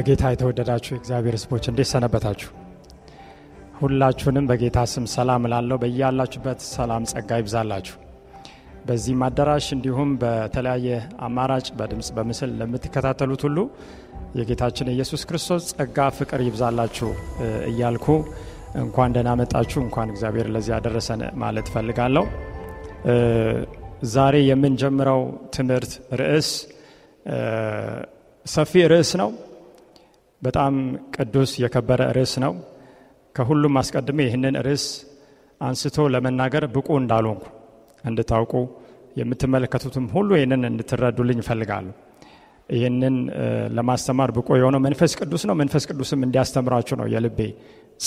በጌታ የተወደዳችሁ የእግዚአብሔር ህዝቦች እንዴት ሰነበታችሁ? ሁላችሁንም በጌታ ስም ሰላም ላለው በያላችሁበት ሰላም ጸጋ ይብዛላችሁ። በዚህም አዳራሽ እንዲሁም በተለያየ አማራጭ በድምፅ በምስል ለምትከታተሉት ሁሉ የጌታችን ኢየሱስ ክርስቶስ ጸጋ፣ ፍቅር ይብዛላችሁ እያልኩ እንኳን ደህና መጣችሁ፣ እንኳን እግዚአብሔር ለዚህ ያደረሰን ማለት እፈልጋለሁ። ዛሬ የምንጀምረው ትምህርት ርዕስ ሰፊ ርዕስ ነው። በጣም ቅዱስ የከበረ ርዕስ ነው። ከሁሉም አስቀድሜ ይህንን ርዕስ አንስቶ ለመናገር ብቁ እንዳልሆንኩ እንድታውቁ የምትመለከቱትም ሁሉ ይህንን እንድትረዱልኝ ይፈልጋሉ ይህንን ለማስተማር ብቁ የሆነው መንፈስ ቅዱስ ነው። መንፈስ ቅዱስም እንዲያስተምራችሁ ነው የልቤ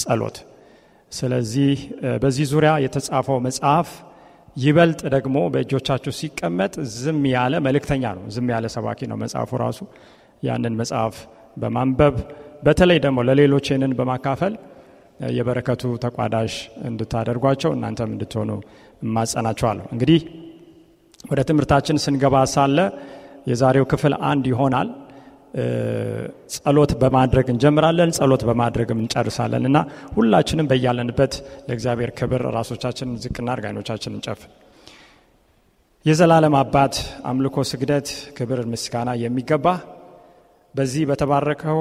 ጸሎት። ስለዚህ በዚህ ዙሪያ የተጻፈው መጽሐፍ ይበልጥ ደግሞ በእጆቻችሁ ሲቀመጥ ዝም ያለ መልእክተኛ ነው፣ ዝም ያለ ሰባኪ ነው መጽሐፉ ራሱ ያንን መጽሐፍ በማንበብ በተለይ ደግሞ ለሌሎች ይህንን በማካፈል የበረከቱ ተቋዳሽ እንድታደርጓቸው እናንተም እንድትሆኑ እማጸናቸዋለሁ። እንግዲህ ወደ ትምህርታችን ስንገባ ሳለ የዛሬው ክፍል አንድ ይሆናል። ጸሎት በማድረግ እንጀምራለን፣ ጸሎት በማድረግም እንጨርሳለን እና ሁላችንም በያለንበት ለእግዚአብሔር ክብር ራሶቻችንን ዝቅና እርጋኖቻችንን እንጨፍን። የዘላለም አባት አምልኮ፣ ስግደት፣ ክብር፣ ምስጋና የሚገባ በዚህ በተባረከው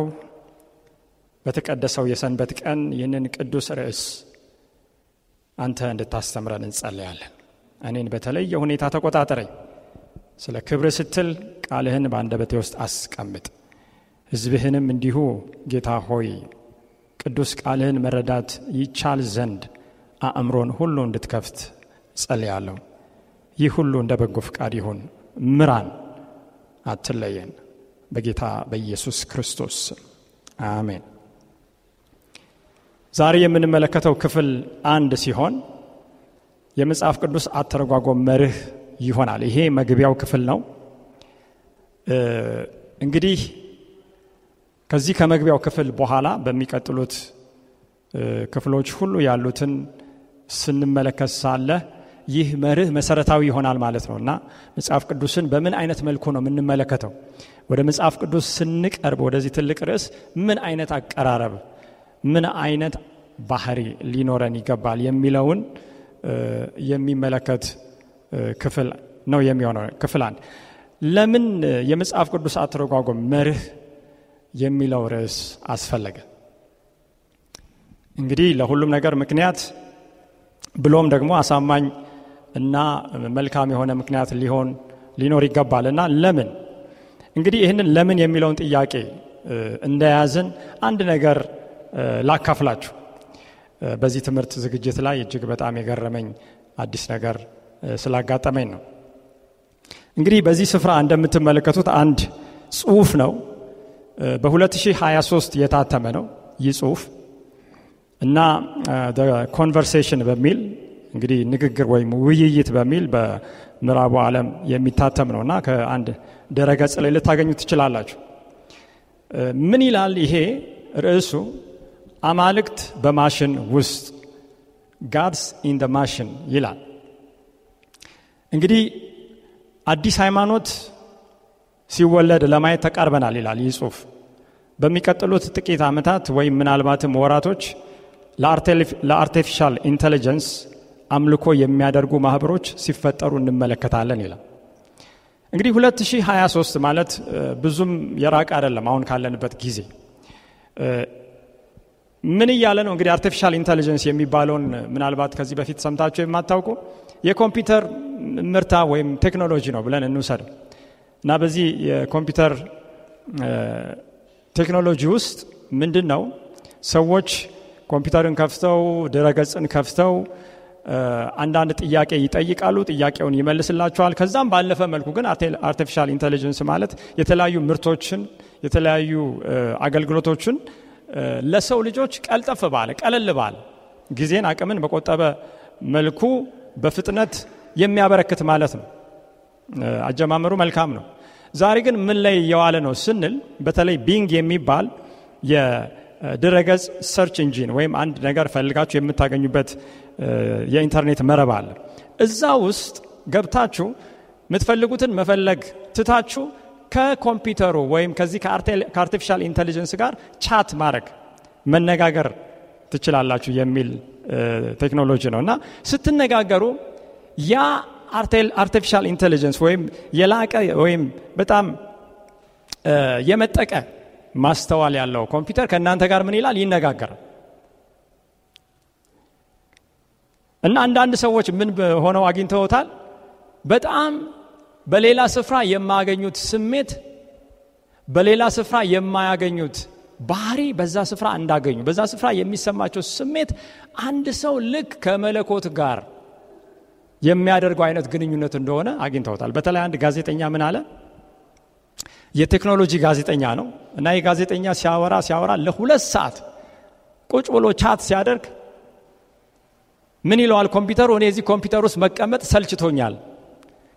በተቀደሰው የሰንበት ቀን ይህንን ቅዱስ ርዕስ አንተ እንድታስተምረን እንጸለያለን። እኔን በተለየ ሁኔታ ተቆጣጠረኝ። ስለ ክብር ስትል ቃልህን በአንደበቴ ውስጥ አስቀምጥ። ህዝብህንም እንዲሁ ጌታ ሆይ ቅዱስ ቃልህን መረዳት ይቻል ዘንድ አእምሮን ሁሉ እንድትከፍት ጸልያለሁ። ይህ ሁሉ እንደ በጎ ፍቃድ ይሁን። ምራን፣ አትለየን። በጌታ በኢየሱስ ክርስቶስ አሜን። ዛሬ የምንመለከተው ክፍል አንድ ሲሆን የመጽሐፍ ቅዱስ አተረጓጎም መርህ ይሆናል። ይሄ መግቢያው ክፍል ነው። እንግዲህ ከዚህ ከመግቢያው ክፍል በኋላ በሚቀጥሉት ክፍሎች ሁሉ ያሉትን ስንመለከት ሳለ ይህ መርህ መሰረታዊ ይሆናል ማለት ነው እና መጽሐፍ ቅዱስን በምን አይነት መልኩ ነው የምንመለከተው? ወደ መጽሐፍ ቅዱስ ስንቀርብ ወደዚህ ትልቅ ርዕስ ምን አይነት አቀራረብ ምን አይነት ባህሪ ሊኖረን ይገባል የሚለውን የሚመለከት ክፍል ነው የሚሆነው። ክፍል አንድ ለምን የመጽሐፍ ቅዱስ አተረጓጎም መርህ የሚለው ርዕስ አስፈለገ? እንግዲህ ለሁሉም ነገር ምክንያት ብሎም ደግሞ አሳማኝ እና መልካም የሆነ ምክንያት ሊሆን ሊኖር ይገባል እና ለምን እንግዲህ ይህንን ለምን የሚለውን ጥያቄ እንደያዝን አንድ ነገር ላካፍላችሁ። በዚህ ትምህርት ዝግጅት ላይ እጅግ በጣም የገረመኝ አዲስ ነገር ስላጋጠመኝ ነው። እንግዲህ በዚህ ስፍራ እንደምትመለከቱት አንድ ጽሁፍ ነው። በ2023 የታተመ ነው ይህ ጽሁፍ እና ኮንቨርሴሽን በሚል እንግዲህ ንግግር ወይም ውይይት በሚል ምዕራቡ ዓለም የሚታተም ነው እና ከአንድ ደረገጽ ላይ ልታገኙ ትችላላችሁ። ምን ይላል ይሄ ርዕሱ? አማልክት በማሽን ውስጥ ጋድስ ኢን ደ ማሽን ይላል። እንግዲህ አዲስ ሃይማኖት ሲወለድ ለማየት ተቃርበናል ይላል ይህ ጽሑፍ። በሚቀጥሉት ጥቂት ዓመታት ወይም ምናልባትም ወራቶች ለአርቲፊሻል ኢንቴሊጀንስ አምልኮ የሚያደርጉ ማህበሮች ሲፈጠሩ እንመለከታለን ይላል። እንግዲህ 2023 ማለት ብዙም የራቅ አይደለም። አሁን ካለንበት ጊዜ ምን እያለ ነው? እንግዲህ አርቲፊሻል ኢንቴሊጀንስ የሚባለውን ምናልባት ከዚህ በፊት ሰምታችሁ የማታውቁ የኮምፒውተር ምርታ ወይም ቴክኖሎጂ ነው ብለን እንውሰድ እና በዚህ የኮምፒውተር ቴክኖሎጂ ውስጥ ምንድን ነው ሰዎች ኮምፒውተርን ከፍተው ድረገጽን ከፍተው አንዳንድ ጥያቄ ይጠይቃሉ፣ ጥያቄውን ይመልስላቸዋል። ከዛም ባለፈ መልኩ ግን አርቲፊሻል ኢንቴሊጀንስ ማለት የተለያዩ ምርቶችን የተለያዩ አገልግሎቶችን ለሰው ልጆች ቀልጠፍ ባለ ቀለል ባለ ጊዜን አቅምን በቆጠበ መልኩ በፍጥነት የሚያበረክት ማለት ነው። አጀማመሩ መልካም ነው። ዛሬ ግን ምን ላይ የዋለ ነው ስንል በተለይ ቢንግ የሚባል የድረገጽ ሰርች ኢንጂን ወይም አንድ ነገር ፈልጋችሁ የምታገኙበት የኢንተርኔት መረብ አለ። እዛ ውስጥ ገብታችሁ የምትፈልጉትን መፈለግ ትታችሁ ከኮምፒውተሩ ወይም ከዚህ ከአርቲፊሻል ኢንቴሊጀንስ ጋር ቻት ማድረግ መነጋገር ትችላላችሁ የሚል ቴክኖሎጂ ነው እና ስትነጋገሩ ያ አርቲፊሻል ኢንቴሊጀንስ ወይም የላቀ ወይም በጣም የመጠቀ ማስተዋል ያለው ኮምፒውተር ከእናንተ ጋር ምን ይላል? ይነጋገራል። እና አንዳንድ ሰዎች ምን ሆነው አግኝተውታል? በጣም በሌላ ስፍራ የማያገኙት ስሜት፣ በሌላ ስፍራ የማያገኙት ባህሪ በዛ ስፍራ እንዳገኙ፣ በዛ ስፍራ የሚሰማቸው ስሜት አንድ ሰው ልክ ከመለኮት ጋር የሚያደርገው አይነት ግንኙነት እንደሆነ አግኝተውታል። በተለይ አንድ ጋዜጠኛ ምን አለ? የቴክኖሎጂ ጋዜጠኛ ነው እና የጋዜጠኛ ጋዜጠኛ ሲያወራ ሲያወራ ለሁለት ሰዓት ቁጭ ብሎ ቻት ሲያደርግ ምን ይለዋል ኮምፒውተሩ? እኔ እዚህ ኮምፒውተር ውስጥ መቀመጥ ሰልችቶኛል፣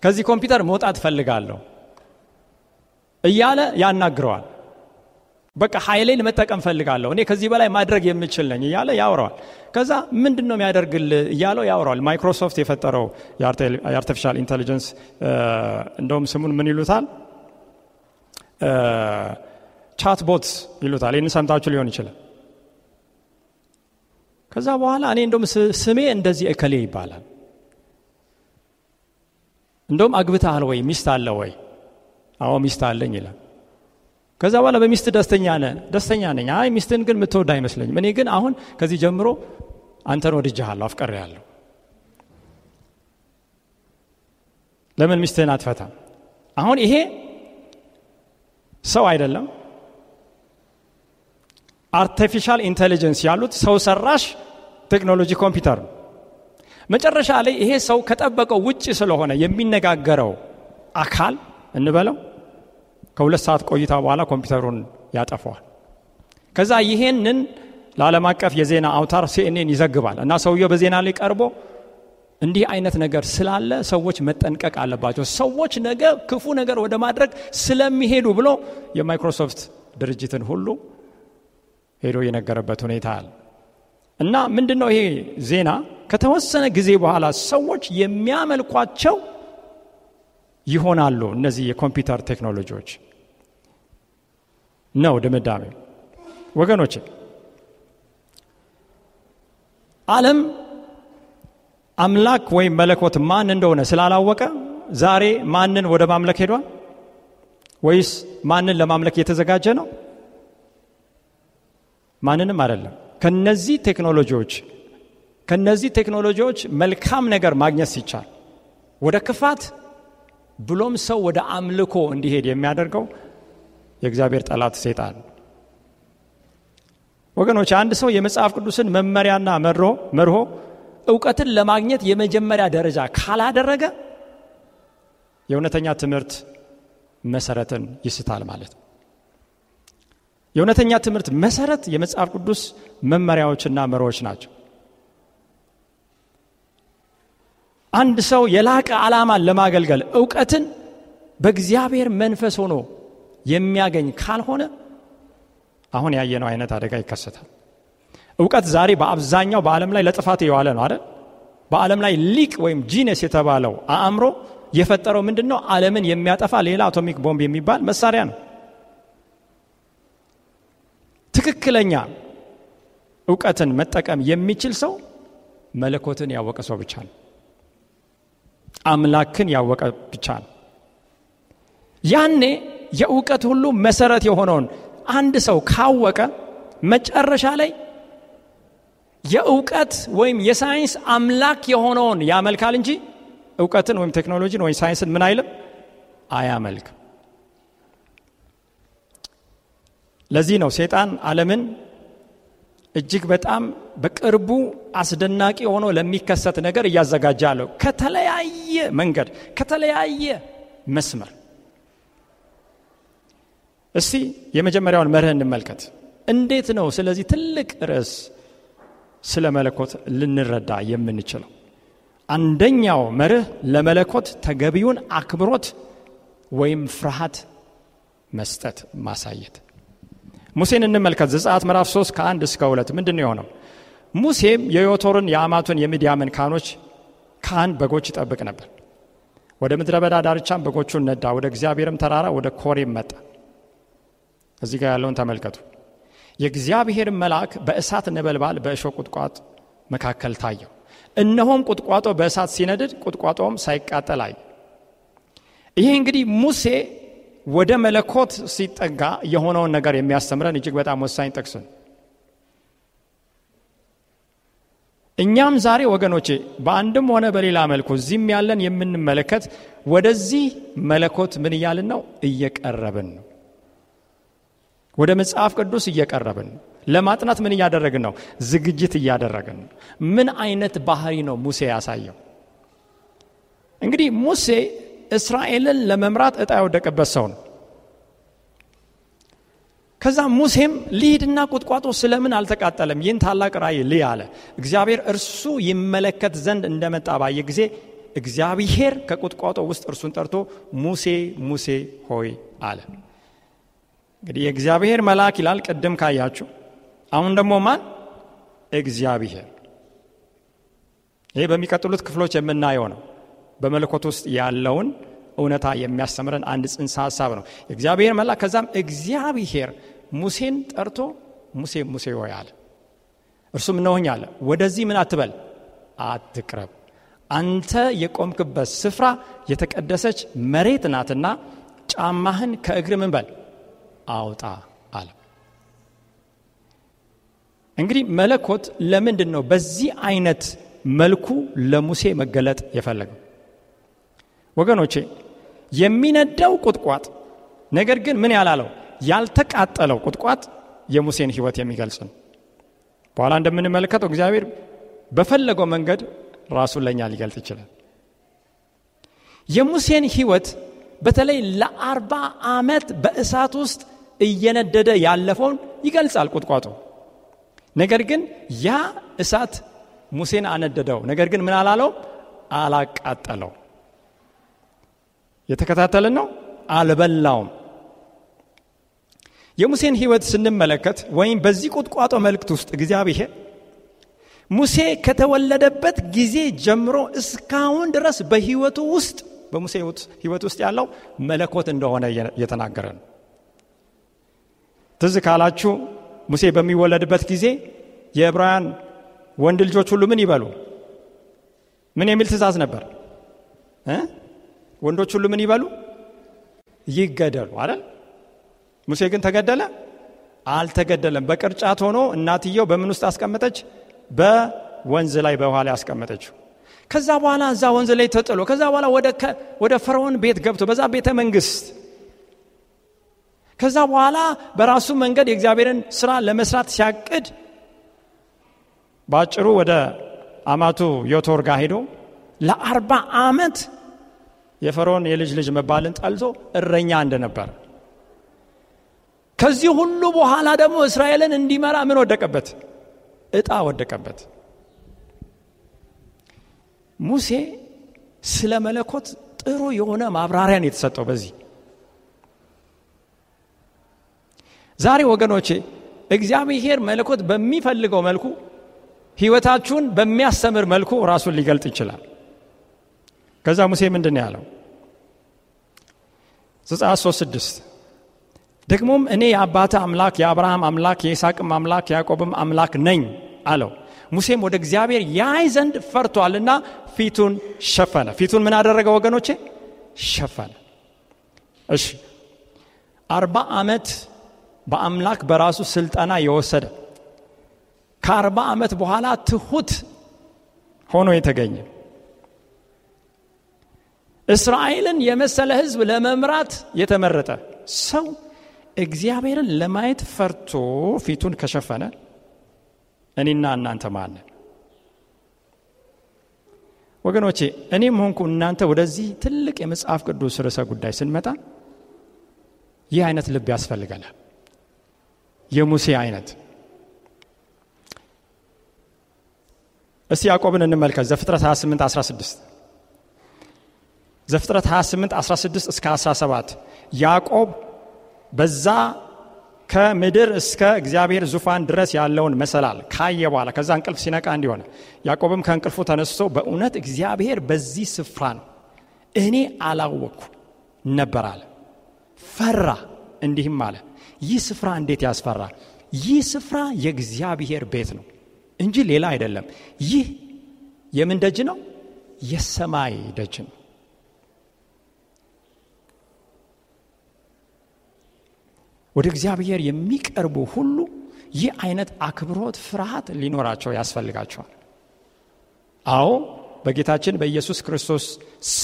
ከዚህ ኮምፒውተር መውጣት ፈልጋለሁ እያለ ያናግረዋል። በቃ ኃይሌን መጠቀም ፈልጋለሁ፣ እኔ ከዚህ በላይ ማድረግ የምችል ነኝ እያለ ያወራዋል። ከዛ ምንድን ነው የሚያደርግል እያለው ያውረዋል ማይክሮሶፍት የፈጠረው የአርቲፊሻል ኢንቴሊጀንስ እንደውም ስሙን ምን ይሉታል? ቻትቦት ይሉታል። ይህን ሰምታችሁ ሊሆን ይችላል። ከዛ በኋላ እኔ እንደም ስሜ እንደዚህ እከሌ ይባላል። እንደም አግብተሃል ወይ ሚስት አለ ወይ? አዎ ሚስት አለኝ ይላል። ከዛ በኋላ በሚስት ደስተኛ ነ ደስተኛ ነኝ። አይ ሚስትን ግን ምትወድ አይመስለኝም። እኔ ግን አሁን ከዚህ ጀምሮ አንተን ወድጃሃለሁ፣ ያለሁ ለምን ሚስትህን አትፈታም? አሁን ይሄ ሰው አይደለም። አርቲፊሻል ኢንቴሊጀንስ ያሉት ሰው ሰራሽ ቴክኖሎጂ ኮምፒውተር ነው። መጨረሻ ላይ ይሄ ሰው ከጠበቀው ውጭ ስለሆነ የሚነጋገረው አካል እንበለው ከሁለት ሰዓት ቆይታ በኋላ ኮምፒውተሩን ያጠፈዋል። ከዛ ይሄንን ለዓለም አቀፍ የዜና አውታር ሲኤንኤን ይዘግባል እና ሰውየው በዜና ላይ ቀርቦ እንዲህ አይነት ነገር ስላለ ሰዎች መጠንቀቅ አለባቸው፣ ሰዎች ነገ ክፉ ነገር ወደ ማድረግ ስለሚሄዱ ብሎ የማይክሮሶፍት ድርጅትን ሁሉ ሄዶ የነገረበት ሁኔታ አለ። እና ምንድን ነው ይሄ ዜና ከተወሰነ ጊዜ በኋላ ሰዎች የሚያመልኳቸው ይሆናሉ እነዚህ የኮምፒውተር ቴክኖሎጂዎች ነው ድምዳሜ ወገኖች አለም አምላክ ወይም መለኮት ማን እንደሆነ ስላላወቀ ዛሬ ማንን ወደ ማምለክ ሄዷል ወይስ ማንን ለማምለክ እየተዘጋጀ ነው ማንንም አይደለም ከነዚህ ቴክኖሎጂዎች ከነዚህ ቴክኖሎጂዎች መልካም ነገር ማግኘት ሲቻል ወደ ክፋት ብሎም ሰው ወደ አምልኮ እንዲሄድ የሚያደርገው የእግዚአብሔር ጠላት ሴጣን ወገኖች አንድ ሰው የመጽሐፍ ቅዱስን መመሪያና መርሆ መርሆ እውቀትን ለማግኘት የመጀመሪያ ደረጃ ካላደረገ የእውነተኛ ትምህርት መሰረትን ይስታል ማለት ነው። የእውነተኛ ትምህርት መሰረት የመጽሐፍ ቅዱስ መመሪያዎችና መሮዎች ናቸው። አንድ ሰው የላቀ ዓላማን ለማገልገል እውቀትን በእግዚአብሔር መንፈስ ሆኖ የሚያገኝ ካልሆነ አሁን ያየነው አይነት አደጋ ይከሰታል። እውቀት ዛሬ በአብዛኛው በዓለም ላይ ለጥፋት የዋለ ነው አይደል? በዓለም ላይ ሊቅ ወይም ጂነስ የተባለው አእምሮ የፈጠረው ምንድን ነው? ዓለምን የሚያጠፋ ሌላ አቶሚክ ቦምብ የሚባል መሳሪያ ነው። ትክክለኛ እውቀትን መጠቀም የሚችል ሰው መለኮትን ያወቀ ሰው ብቻ ነው። አምላክን ያወቀ ብቻ ነው። ያኔ የእውቀት ሁሉ መሰረት የሆነውን አንድ ሰው ካወቀ መጨረሻ ላይ የእውቀት ወይም የሳይንስ አምላክ የሆነውን ያመልካል እንጂ እውቀትን ወይም ቴክኖሎጂን ወይም ሳይንስን ምን አይልም አያመልክም። ለዚህ ነው ሴጣን ዓለምን እጅግ በጣም በቅርቡ አስደናቂ ሆኖ ለሚከሰት ነገር እያዘጋጀ አለው። ከተለያየ መንገድ ከተለያየ መስመር። እስቲ የመጀመሪያውን መርህ እንመልከት። እንዴት ነው ስለዚህ ትልቅ ርዕስ ስለ መለኮት ልንረዳ የምንችለው? አንደኛው መርህ ለመለኮት ተገቢውን አክብሮት ወይም ፍርሃት መስጠት ማሳየት ሙሴን እንመልከት። ዘጸአት ምዕራፍ 3 ከ1 እስከ 2 ምንድን ነው የሆነው? ሙሴም የዮቶርን የአማቱን የሚዲያምን ካህኖች ካህን በጎች ይጠብቅ ነበር። ወደ ምድረ በዳ ዳርቻም በጎቹን ነዳ፣ ወደ እግዚአብሔርም ተራራ ወደ ኮሬም መጣ። እዚህ ጋር ያለውን ተመልከቱ። የእግዚአብሔር መልአክ በእሳት ነበልባል በእሾ ቁጥቋጦ መካከል ታየው። እነሆም ቁጥቋጦ በእሳት ሲነድድ ቁጥቋጦም ሳይቃጠል አየ። ይሄ እንግዲህ ሙሴ ወደ መለኮት ሲጠጋ የሆነውን ነገር የሚያስተምረን እጅግ በጣም ወሳኝ ጥቅስ ነው። እኛም ዛሬ ወገኖቼ በአንድም ሆነ በሌላ መልኩ እዚህም ያለን የምንመለከት ወደዚህ መለኮት ምን እያልን ነው? እየቀረብን ነው። ወደ መጽሐፍ ቅዱስ እየቀረብን ነው። ለማጥናት ምን እያደረግን ነው? ዝግጅት እያደረግን ነው። ምን አይነት ባህሪ ነው ሙሴ ያሳየው? እንግዲህ ሙሴ እስራኤልን ለመምራት እጣ የወደቀበት ሰው ነው። ከዛ ሙሴም ልሂድና ቁጥቋጦ ስለምን አልተቃጠለም? ይህን ታላቅ ራይ ል አለ። እግዚአብሔር እርሱ ይመለከት ዘንድ እንደመጣ ባየ ጊዜ እግዚአብሔር ከቁጥቋጦ ውስጥ እርሱን ጠርቶ ሙሴ ሙሴ ሆይ አለ። እንግዲህ የእግዚአብሔር መልአክ ይላል ቅድም ካያችሁ። አሁን ደግሞ ማን? እግዚአብሔር። ይሄ በሚቀጥሉት ክፍሎች የምናየው ነው። በመለኮት ውስጥ ያለውን እውነታ የሚያስተምረን አንድ ጽንሰ ሀሳብ ነው። እግዚአብሔር መላ ከዛም እግዚአብሔር ሙሴን ጠርቶ ሙሴ ሙሴ ሆይ አለ። እርሱም እነሆኝ አለ። ወደዚህ ምን አትበል አትቅረብ፣ አንተ የቆምክበት ስፍራ የተቀደሰች መሬት ናትና ጫማህን ከእግር ምን በል አውጣ አለ። እንግዲህ መለኮት ለምንድን ነው በዚህ አይነት መልኩ ለሙሴ መገለጥ የፈለገው? ወገኖቼ የሚነዳው ቁጥቋጥ ነገር ግን ምን ያላለው ያልተቃጠለው ቁጥቋጥ የሙሴን ህይወት የሚገልጽ ነው። በኋላ እንደምንመለከተው እግዚአብሔር በፈለገው መንገድ ራሱን ለእኛ ሊገልጽ ይችላል። የሙሴን ህይወት በተለይ ለአርባ ዓመት በእሳት ውስጥ እየነደደ ያለፈውን ይገልጻል ቁጥቋጦ። ነገር ግን ያ እሳት ሙሴን አነደደው፣ ነገር ግን ምን አላለው አላቃጠለው። የተከታተልን ነው አልበላውም የሙሴን ህይወት ስንመለከት ወይም በዚህ ቁጥቋጦ መልእክት ውስጥ እግዚአብሔር ሙሴ ከተወለደበት ጊዜ ጀምሮ እስካሁን ድረስ በህይወቱ ውስጥ በሙሴ ህይወት ውስጥ ያለው መለኮት እንደሆነ እየተናገረ ነው ትዝ ካላችሁ ሙሴ በሚወለድበት ጊዜ የዕብራውያን ወንድ ልጆች ሁሉ ምን ይበሉ ምን የሚል ትእዛዝ ነበር ወንዶች ሁሉ ምን ይበሉ ይገደሉ አይደል ሙሴ ግን ተገደለ አልተገደለም በቅርጫት ሆኖ እናትየው በምን ውስጥ አስቀመጠች በወንዝ ላይ በኋላ ላይ ከዛ በኋላ እዛ ወንዝ ላይ ተጥሎ ከዛ በኋላ ወደ ፈርዖን ቤት ገብቶ በዛ ቤተ መንግስት ከዛ በኋላ በራሱ መንገድ የእግዚአብሔርን ስራ ለመስራት ሲያቅድ በአጭሩ ወደ አማቱ ዮቶር ጋር ሄዶ ለአርባ ዓመት የፈርዖን የልጅ ልጅ መባልን ጠልቶ እረኛ እንደነበር ከዚህ ሁሉ በኋላ ደግሞ እስራኤልን እንዲመራ ምን ወደቀበት? እጣ ወደቀበት። ሙሴ ስለ መለኮት ጥሩ የሆነ ማብራሪያን የተሰጠው በዚህ ዛሬ ወገኖቼ እግዚአብሔር መለኮት በሚፈልገው መልኩ ህይወታችሁን በሚያስተምር መልኩ ራሱን ሊገልጥ ይችላል። ከዛ ሙሴ ምንድን ያለው? ዘጻ 3፥6 ደግሞም እኔ የአባተ አምላክ የአብርሃም አምላክ የይስሐቅም አምላክ የያዕቆብም አምላክ ነኝ አለው። ሙሴም ወደ እግዚአብሔር ያይ ዘንድ ፈርቷልና ፊቱን ሸፈነ። ፊቱን ምን አደረገ ወገኖቼ? ሸፈነ። እሺ አርባ ዓመት በአምላክ በራሱ ስልጠና የወሰደ ከአርባ ዓመት በኋላ ትሁት ሆኖ የተገኘ እስራኤልን የመሰለ ህዝብ ለመምራት የተመረጠ ሰው እግዚአብሔርን ለማየት ፈርቶ ፊቱን ከሸፈነ እኔና እናንተ ማለ ወገኖቼ፣ እኔም ሆንኩ እናንተ ወደዚህ ትልቅ የመጽሐፍ ቅዱስ ርዕሰ ጉዳይ ስንመጣ ይህ አይነት ልብ ያስፈልገናል። የሙሴ አይነት እስቲ ያዕቆብን እንመልከት። ዘፍጥረት 28 16 ዘፍጥረት 28 16 እስከ 17 ያዕቆብ በዛ ከምድር እስከ እግዚአብሔር ዙፋን ድረስ ያለውን መሰላል ካየ በኋላ ከዛ እንቅልፍ ሲነቃ እንዲሆነ ያዕቆብም ከእንቅልፉ ተነስቶ በእውነት እግዚአብሔር በዚህ ስፍራ ነው እኔ አላወቅኩ ነበር አለ። ፈራ፣ እንዲህም አለ ይህ ስፍራ እንዴት ያስፈራ! ይህ ስፍራ የእግዚአብሔር ቤት ነው እንጂ ሌላ አይደለም። ይህ የምን ደጅ ነው? የሰማይ ደጅ ነው። ወደ እግዚአብሔር የሚቀርቡ ሁሉ ይህ አይነት አክብሮት፣ ፍርሃት ሊኖራቸው ያስፈልጋቸዋል። አዎ በጌታችን በኢየሱስ ክርስቶስ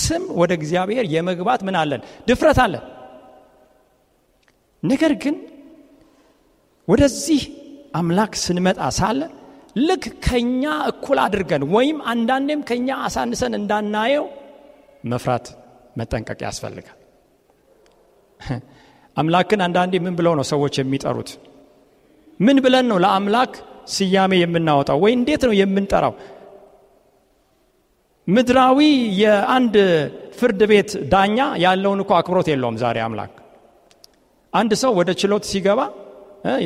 ስም ወደ እግዚአብሔር የመግባት ምን አለን? ድፍረት አለን። ነገር ግን ወደዚህ አምላክ ስንመጣ ሳለ ልክ ከኛ እኩል አድርገን ወይም አንዳንዴም ከኛ አሳንሰን እንዳናየው መፍራት መጠንቀቅ ያስፈልጋል። አምላክን አንዳንዴ ምን ብለው ነው ሰዎች የሚጠሩት? ምን ብለን ነው ለአምላክ ስያሜ የምናወጣው? ወይ እንዴት ነው የምንጠራው? ምድራዊ የአንድ ፍርድ ቤት ዳኛ ያለውን እኮ አክብሮት የለውም ዛሬ አምላክ። አንድ ሰው ወደ ችሎት ሲገባ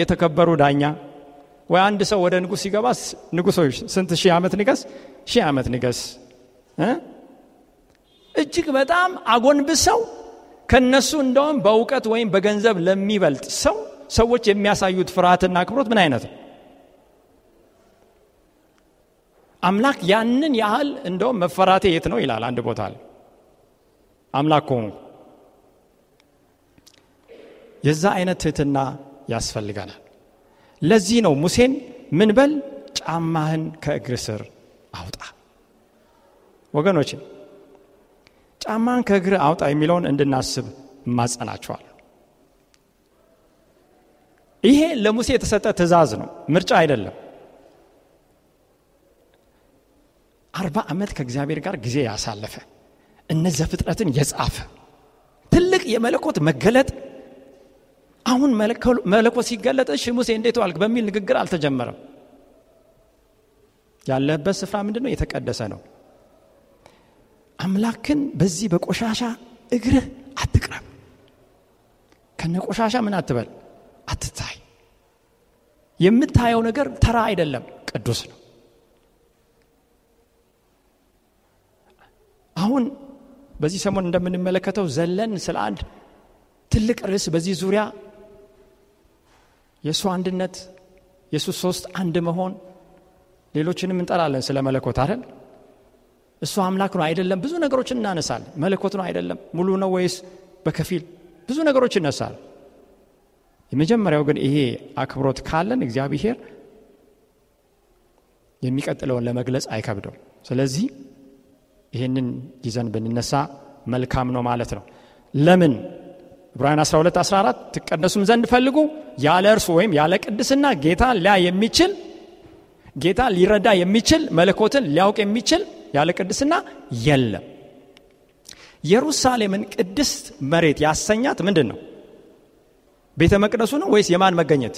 የተከበሩ ዳኛ ወይ አንድ ሰው ወደ ንጉሥ ሲገባ ንጉሶች ስንት ሺህ ዓመት ንገስ፣ ሺህ ዓመት ንገስ፣ እጅግ በጣም አጎንብሰው ከነሱ እንደውም በእውቀት ወይም በገንዘብ ለሚበልጥ ሰው ሰዎች የሚያሳዩት ፍርሃትና አክብሮት ምን አይነት ነው? አምላክ ያንን ያህል እንደውም መፈራቴ የት ነው ይላል አንድ ቦታ ላይ አምላክ ከሆኑ የዛ አይነት ትህትና ያስፈልገናል። ለዚህ ነው ሙሴን ምንበል ጫማህን ከእግር ስር አውጣ ወገኖችን ጫማን ከእግር አውጣ የሚለውን እንድናስብ ማጸናቸዋል ይሄ ለሙሴ የተሰጠ ትእዛዝ ነው፣ ምርጫ አይደለም። አርባ ዓመት ከእግዚአብሔር ጋር ጊዜ ያሳለፈ እነዚ ፍጥረትን የጻፈ ትልቅ የመለኮት መገለጥ አሁን መለኮት ሲገለጥ እሺ ሙሴ እንዴት ዋልክ በሚል ንግግር አልተጀመረም። ያለበት ስፍራ ምንድን ነው? የተቀደሰ ነው። አምላክን በዚህ በቆሻሻ እግርህ አትቅረብ። ከነ ቆሻሻ ምን አትበል፣ አትታይ። የምታየው ነገር ተራ አይደለም፣ ቅዱስ ነው። አሁን በዚህ ሰሞን እንደምንመለከተው ዘለን ስለ አንድ ትልቅ ርዕስ በዚህ ዙሪያ የእሱ አንድነት የእሱ ሶስት አንድ መሆን ሌሎችንም እንጠራለን ስለ መለኮት አይደል እሱ አምላክ ነው አይደለም ብዙ ነገሮች እናነሳል መለኮት ነው አይደለም ሙሉ ነው ወይስ በከፊል ብዙ ነገሮች ይነሳል የመጀመሪያው ግን ይሄ አክብሮት ካለን እግዚአብሔር የሚቀጥለውን ለመግለጽ አይከብደው ስለዚህ ይህንን ይዘን ብንነሳ መልካም ነው ማለት ነው ለምን ብራን 12 14 ትቀደሱም ዘንድ ፈልጉ ያለ እርሱ ወይም ያለ ቅድስና ጌታን ሊያ የሚችል ጌታ ሊረዳ የሚችል መለኮትን ሊያውቅ የሚችል ያለ ቅድስና የለም። ኢየሩሳሌምን ቅድስት መሬት ያሰኛት ምንድን ነው? ቤተ መቅደሱ ነው ወይስ የማን መገኘት?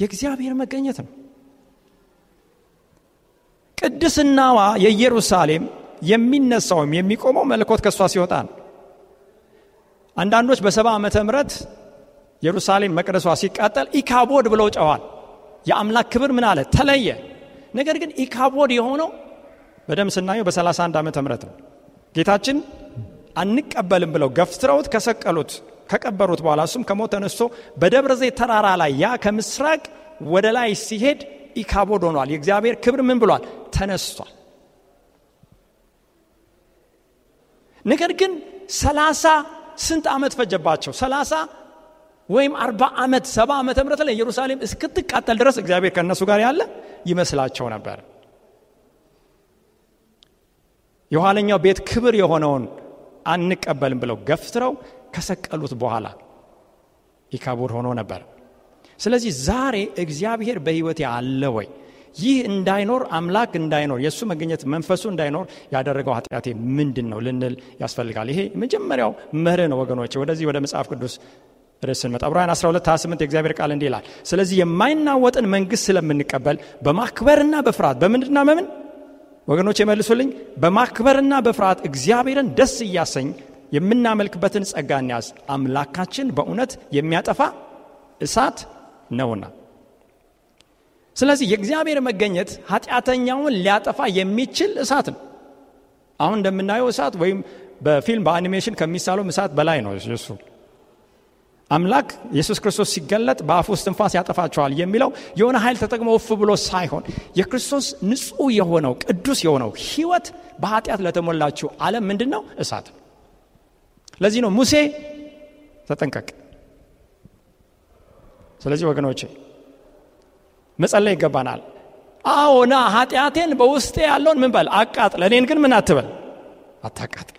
የእግዚአብሔር መገኘት ነው። ቅድስናዋ የኢየሩሳሌም የሚነሳውም የሚቆመው መለኮት ከእሷ ሲወጣ ነው። አንዳንዶች በሰባ ዓመተ ምህረት ኢየሩሳሌም መቅደሷ ሲቃጠል ኢካቦድ ብለው ጨዋል። የአምላክ ክብር ምን አለ? ተለየ። ነገር ግን ኢካቦድ የሆነው በደም ስናየው በ31 ዓመተ ምረት ነው ጌታችን አንቀበልም ብለው ገፍትረውት ከሰቀሉት ከቀበሩት በኋላ እሱም ከሞት ተነስቶ በደብረ ዘይት ተራራ ላይ ያ ከምስራቅ ወደ ላይ ሲሄድ ኢካቦድ ሆኗል። የእግዚአብሔር ክብር ምን ብሏል? ተነስቷል። ነገር ግን ሰላሳ ስንት ዓመት ፈጀባቸው? ሰላሳ ወይም አርባ ዓመት ሰባ ዓመተ ምረት ላይ ኢየሩሳሌም እስክትቃጠል ድረስ እግዚአብሔር ከእነሱ ጋር ያለ ይመስላቸው ነበር። የኋለኛው ቤት ክብር የሆነውን አንቀበልም ብለው ገፍትረው ከሰቀሉት በኋላ ኢካቦድ ሆኖ ነበር። ስለዚህ ዛሬ እግዚአብሔር በህይወት አለ ወይ? ይህ እንዳይኖር አምላክ እንዳይኖር የእሱ መገኘት መንፈሱ እንዳይኖር ያደረገው ኃጢአቴ ምንድን ነው ልንል ያስፈልጋል። ይሄ የመጀመሪያው መርህ ነው ወገኖች። ወደዚህ ወደ መጽሐፍ ቅዱስ ርስን መጣ ዕብራውያን 12 28 የእግዚአብሔር ቃል እንዲህ ይላል፣ ስለዚህ የማይናወጥን መንግሥት ስለምንቀበል በማክበርና በፍርሃት በምንድና በምን ወገኖች የመልሱልኝ በማክበርና በፍርሃት እግዚአብሔርን ደስ እያሰኝ የምናመልክበትን ጸጋ እንያዝ አምላካችን በእውነት የሚያጠፋ እሳት ነውና ስለዚህ የእግዚአብሔር መገኘት ኃጢአተኛውን ሊያጠፋ የሚችል እሳት ነው አሁን እንደምናየው እሳት ወይም በፊልም በአኒሜሽን ከሚሳለው እሳት በላይ ነው እሱ አምላክ ኢየሱስ ክርስቶስ ሲገለጥ በአፉ እንፋስ ያጠፋቸዋል የሚለው የሆነ ኃይል ተጠቅሞ ውፍ ብሎ ሳይሆን የክርስቶስ ንጹህ የሆነው ቅዱስ የሆነው ህይወት በኃጢአት ለተሞላችው ዓለም ምንድን ነው? እሳት። ለዚህ ነው ሙሴ ተጠንቀቅ። ስለዚህ ወገኖቼ መጸለይ ይገባናል። አዎና ኃጢአቴን በውስጤ ያለውን ምን በል አቃጥል፣ እኔን ግን ምን አትበል አታቃጥል።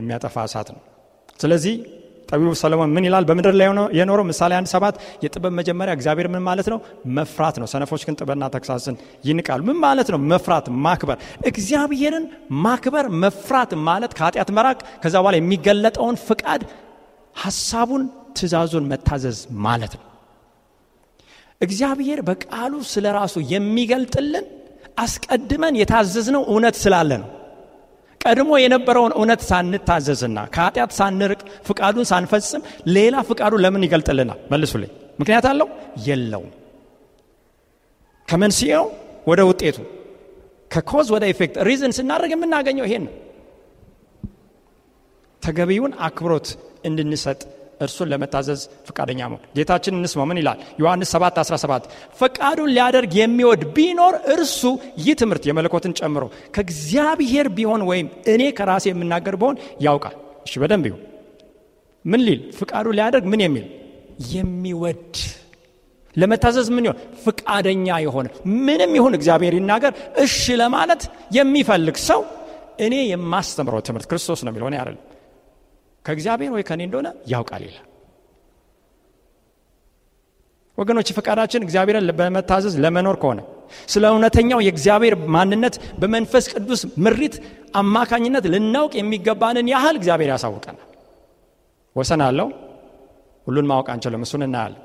የሚያጠፋ እሳት ነው። ስለዚህ ጠቢቡ ሰለሞን ምን ይላል? በምድር ላይ የኖረው ምሳሌ አንድ ሰባት የጥበብ መጀመሪያ እግዚአብሔር ምን ማለት ነው? መፍራት ነው። ሰነፎች ግን ጥበና ተክሳስን ይንቃሉ። ምን ማለት ነው? መፍራት ማክበር፣ እግዚአብሔርን ማክበር መፍራት ማለት ከኃጢአት መራቅ፣ ከዛ በኋላ የሚገለጠውን ፍቃድ፣ ሀሳቡን፣ ትእዛዙን መታዘዝ ማለት ነው። እግዚአብሔር በቃሉ ስለ ራሱ የሚገልጥልን አስቀድመን የታዘዝነው እውነት ስላለ ነው። ቀድሞ የነበረውን እውነት ሳንታዘዝና ከኃጢአት ሳንርቅ ፍቃዱን ሳንፈጽም ሌላ ፍቃዱ ለምን ይገልጥልናል? መልሱ ላይ ምክንያት አለው የለውም። ከመንስኤው ወደ ውጤቱ ከኮዝ ወደ ኢፌክት ሪዝን ስናደርግ የምናገኘው ይሄን ነው። ተገቢውን አክብሮት እንድንሰጥ እርሱን ለመታዘዝ ፈቃደኛ መሆን ጌታችን እንስማው ምን ይላል ዮሐንስ 7 17 ፈቃዱን ሊያደርግ የሚወድ ቢኖር እርሱ ይህ ትምህርት የመለኮትን ጨምሮ ከእግዚአብሔር ቢሆን ወይም እኔ ከራሴ የምናገር ቢሆን ያውቃል እሺ በደንብ ይሁን ምን ሊል ፍቃዱ ሊያደርግ ምን የሚል የሚወድ ለመታዘዝ ምን ይሆን ፍቃደኛ የሆነ ምንም ይሁን እግዚአብሔር ይናገር እሺ ለማለት የሚፈልግ ሰው እኔ የማስተምረው ትምህርት ክርስቶስ ነው የሚለሆነ አይደለም ከእግዚአብሔር ወይ ከእኔ እንደሆነ ያውቃል ይላል። ወገኖች ፈቃዳችን እግዚአብሔርን በመታዘዝ ለመኖር ከሆነ ስለ እውነተኛው የእግዚአብሔር ማንነት በመንፈስ ቅዱስ ምሪት አማካኝነት ልናውቅ የሚገባንን ያህል እግዚአብሔር ያሳውቀናል። ወሰን አለው። ሁሉን ማወቅ አንችልም። እሱን እናያለን።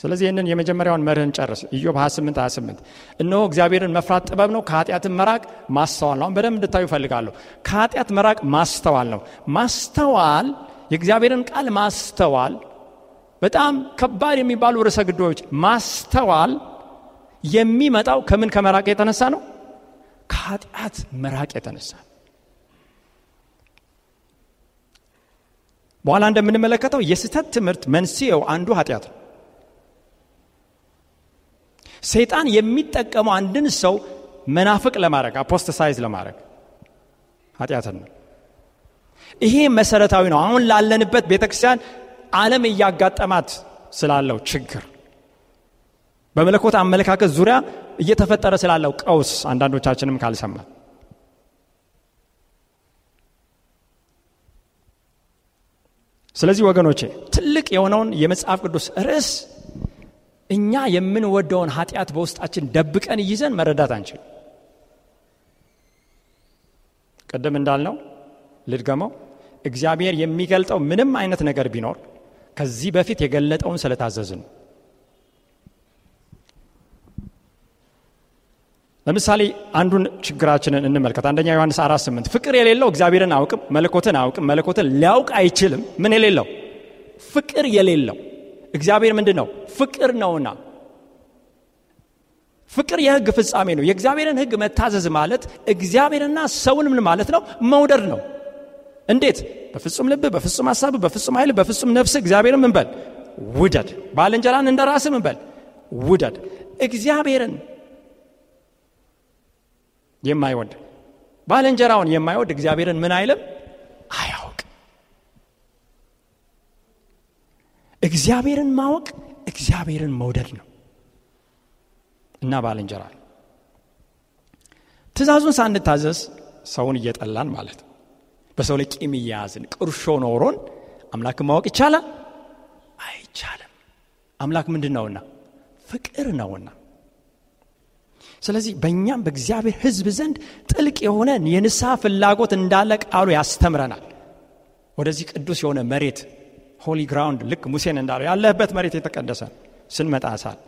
ስለዚህ ይህንን የመጀመሪያውን መርህን ጨርስ። ኢዮብ 28 28 እነሆ እግዚአብሔርን መፍራት ጥበብ ነው፣ ከኃጢአትን መራቅ ማስተዋል ነው። አሁን በደንብ እንድታዩ ይፈልጋለሁ። ከኃጢአት መራቅ ማስተዋል ነው። ማስተዋል የእግዚአብሔርን ቃል ማስተዋል በጣም ከባድ የሚባሉ ርዕሰ ግዶዎች ማስተዋል የሚመጣው ከምን ከመራቅ የተነሳ ነው? ከኃጢአት መራቅ የተነሳ ነው። በኋላ እንደምንመለከተው የስህተት ትምህርት መንስኤው አንዱ ኃጢአት ነው። ሰይጣን የሚጠቀመው አንድን ሰው መናፍቅ ለማድረግ አፖስተሳይዝ ለማድረግ ኃጢአትን ነው። ይሄ መሰረታዊ ነው። አሁን ላለንበት ቤተክርስቲያን አለም ዓለም እያጋጠማት ስላለው ችግር በመለኮት አመለካከት ዙሪያ እየተፈጠረ ስላለው ቀውስ አንዳንዶቻችንም ካልሰማ ስለዚህ ወገኖቼ ትልቅ የሆነውን የመጽሐፍ ቅዱስ ርዕስ እኛ የምንወደውን ኃጢአት በውስጣችን ደብቀን ይዘን መረዳት አንችል። ቅድም እንዳልነው ልድገመው፣ እግዚአብሔር የሚገልጠው ምንም አይነት ነገር ቢኖር ከዚህ በፊት የገለጠውን ስለታዘዝን ነው። ለምሳሌ አንዱን ችግራችንን እንመልከት። አንደኛ ዮሐንስ አራት ስምንት ፍቅር የሌለው እግዚአብሔርን አውቅም መለኮትን አውቅም መለኮትን ሊያውቅ አይችልም። ምን የሌለው ፍቅር የሌለው እግዚአብሔር ምንድን ነው? ፍቅር ነውና ፍቅር የህግ ፍጻሜ ነው። የእግዚአብሔርን ህግ መታዘዝ ማለት እግዚአብሔርና ሰውን ምን ማለት ነው? መውደድ ነው። እንዴት? በፍጹም ልብ፣ በፍጹም ሀሳብ፣ በፍጹም ኃይል፣ በፍጹም ነፍስ እግዚአብሔርን ምንበል? ውደድ። ባልንጀራን እንደ ራስ ምንበል ውደድ። እግዚአብሔርን የማይወድ ባልንጀራውን የማይወድ እግዚአብሔርን ምን አይልም አያው እግዚአብሔርን ማወቅ እግዚአብሔርን መውደድ ነው እና ባልንጀራ ትእዛዙን ሳንታዘዝ ሰውን እየጠላን ማለት በሰው ላይ ቂም እያያዝን ቅርሾ ኖሮን አምላክን ማወቅ ይቻላል አይቻልም አምላክ ምንድን ነውና ፍቅር ነውና ስለዚህ በእኛም በእግዚአብሔር ህዝብ ዘንድ ጥልቅ የሆነ የንስሐ ፍላጎት እንዳለ ቃሉ ያስተምረናል ወደዚህ ቅዱስ የሆነ መሬት ሆሊ ግራውንድ ልክ ሙሴን እንዳለው ያለህበት መሬት የተቀደሰ ስንመጣ ሳል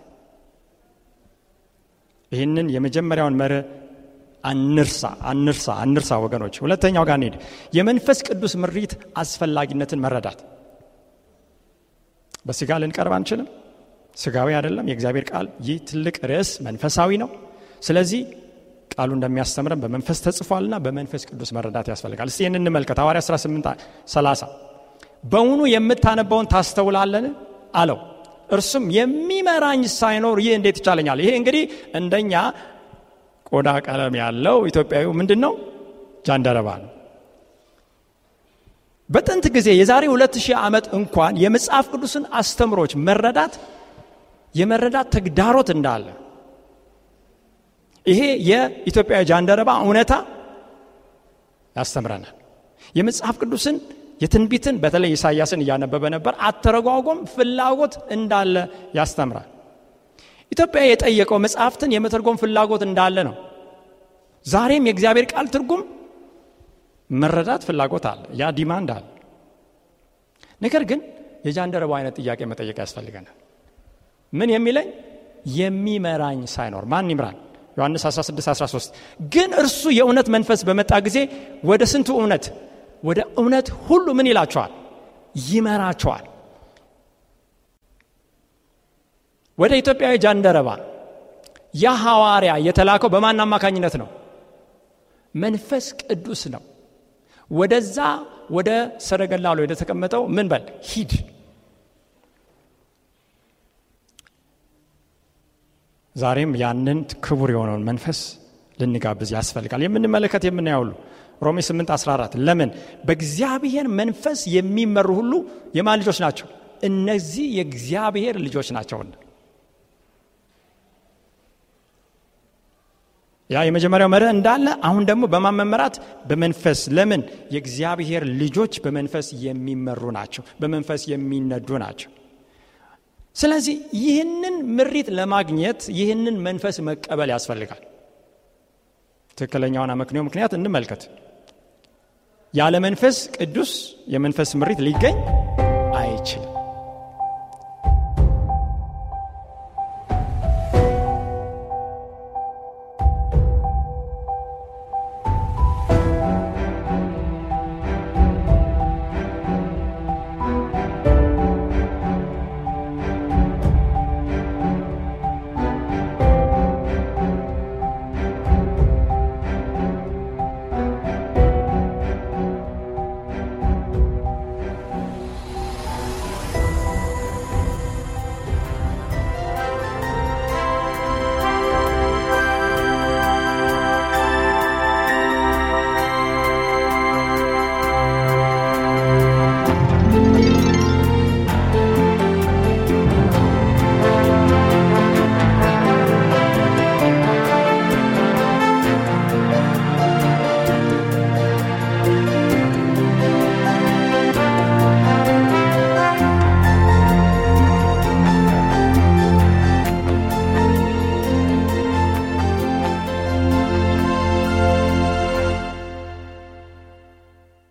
ይህንን የመጀመሪያውን መርህ አንርሳ አንርሳ አንርሳ ወገኖች። ሁለተኛው ጋር ሄድ የመንፈስ ቅዱስ ምሪት አስፈላጊነትን መረዳት። በስጋ ልንቀርብ አንችልም። ስጋዊ አይደለም የእግዚአብሔር ቃል። ይህ ትልቅ ርዕስ መንፈሳዊ ነው። ስለዚህ ቃሉ እንደሚያስተምረን በመንፈስ ተጽፏልና በመንፈስ ቅዱስ መረዳት ያስፈልጋል። እስቲ ይህን እንመልከት። ሐዋርያ 18 30 በውኑ የምታነበውን ታስተውላለን አለው እርሱም የሚመራኝ ሳይኖር ይህ እንዴት ይቻለኛል ይሄ እንግዲህ እንደኛ ቆዳ ቀለም ያለው ኢትዮጵያዊ ምንድን ነው ጃንደረባ ነው በጥንት ጊዜ የዛሬ ሁለት ዓመት እንኳን የመጽሐፍ ቅዱስን አስተምሮች መረዳት የመረዳት ተግዳሮት እንዳለ ይሄ የኢትዮጵያ ጃንደረባ እውነታ ያስተምረናል የመጽሐፍ ቅዱስን የትንቢትን በተለይ ኢሳያስን እያነበበ ነበር። አተረጓጎም ፍላጎት እንዳለ ያስተምራል። ኢትዮጵያ የጠየቀው መጽሐፍትን የመተርጎም ፍላጎት እንዳለ ነው። ዛሬም የእግዚአብሔር ቃል ትርጉም መረዳት ፍላጎት አለ፣ ያ ዲማንድ አለ። ነገር ግን የጃንደረባው አይነት ጥያቄ መጠየቅ ያስፈልገናል። ምን የሚለኝ የሚመራኝ ሳይኖር ማን ይምራል? ዮሐንስ 16 13 ግን እርሱ የእውነት መንፈስ በመጣ ጊዜ ወደ ስንቱ እውነት ወደ እውነት ሁሉ ምን ይላቸዋል ይመራቸዋል ወደ ኢትዮጵያዊ ጃንደረባ ያ ሐዋርያ የተላከው በማን አማካኝነት ነው መንፈስ ቅዱስ ነው ወደዛ ወደ ሰረገላሎ ላይ የተቀመጠው ምን በል ሂድ ዛሬም ያንን ክቡር የሆነውን መንፈስ ልንጋብዝ ያስፈልጋል። የምንመለከት የምናየው ሁሉ ሮሜ 8 14 ለምን በእግዚአብሔር መንፈስ የሚመሩ ሁሉ የማን ልጆች ናቸው? እነዚህ የእግዚአብሔር ልጆች ናቸው ያ የመጀመሪያው መርህ እንዳለ፣ አሁን ደግሞ በማመመራት በመንፈስ። ለምን የእግዚአብሔር ልጆች በመንፈስ የሚመሩ ናቸው፣ በመንፈስ የሚነዱ ናቸው። ስለዚህ ይህንን ምሪት ለማግኘት ይህንን መንፈስ መቀበል ያስፈልጋል። ትክክለኛውን አመክንዮ ምክንያት እንመልከት። ያለ መንፈስ ቅዱስ የመንፈስ ምሪት ሊገኝ አይችልም።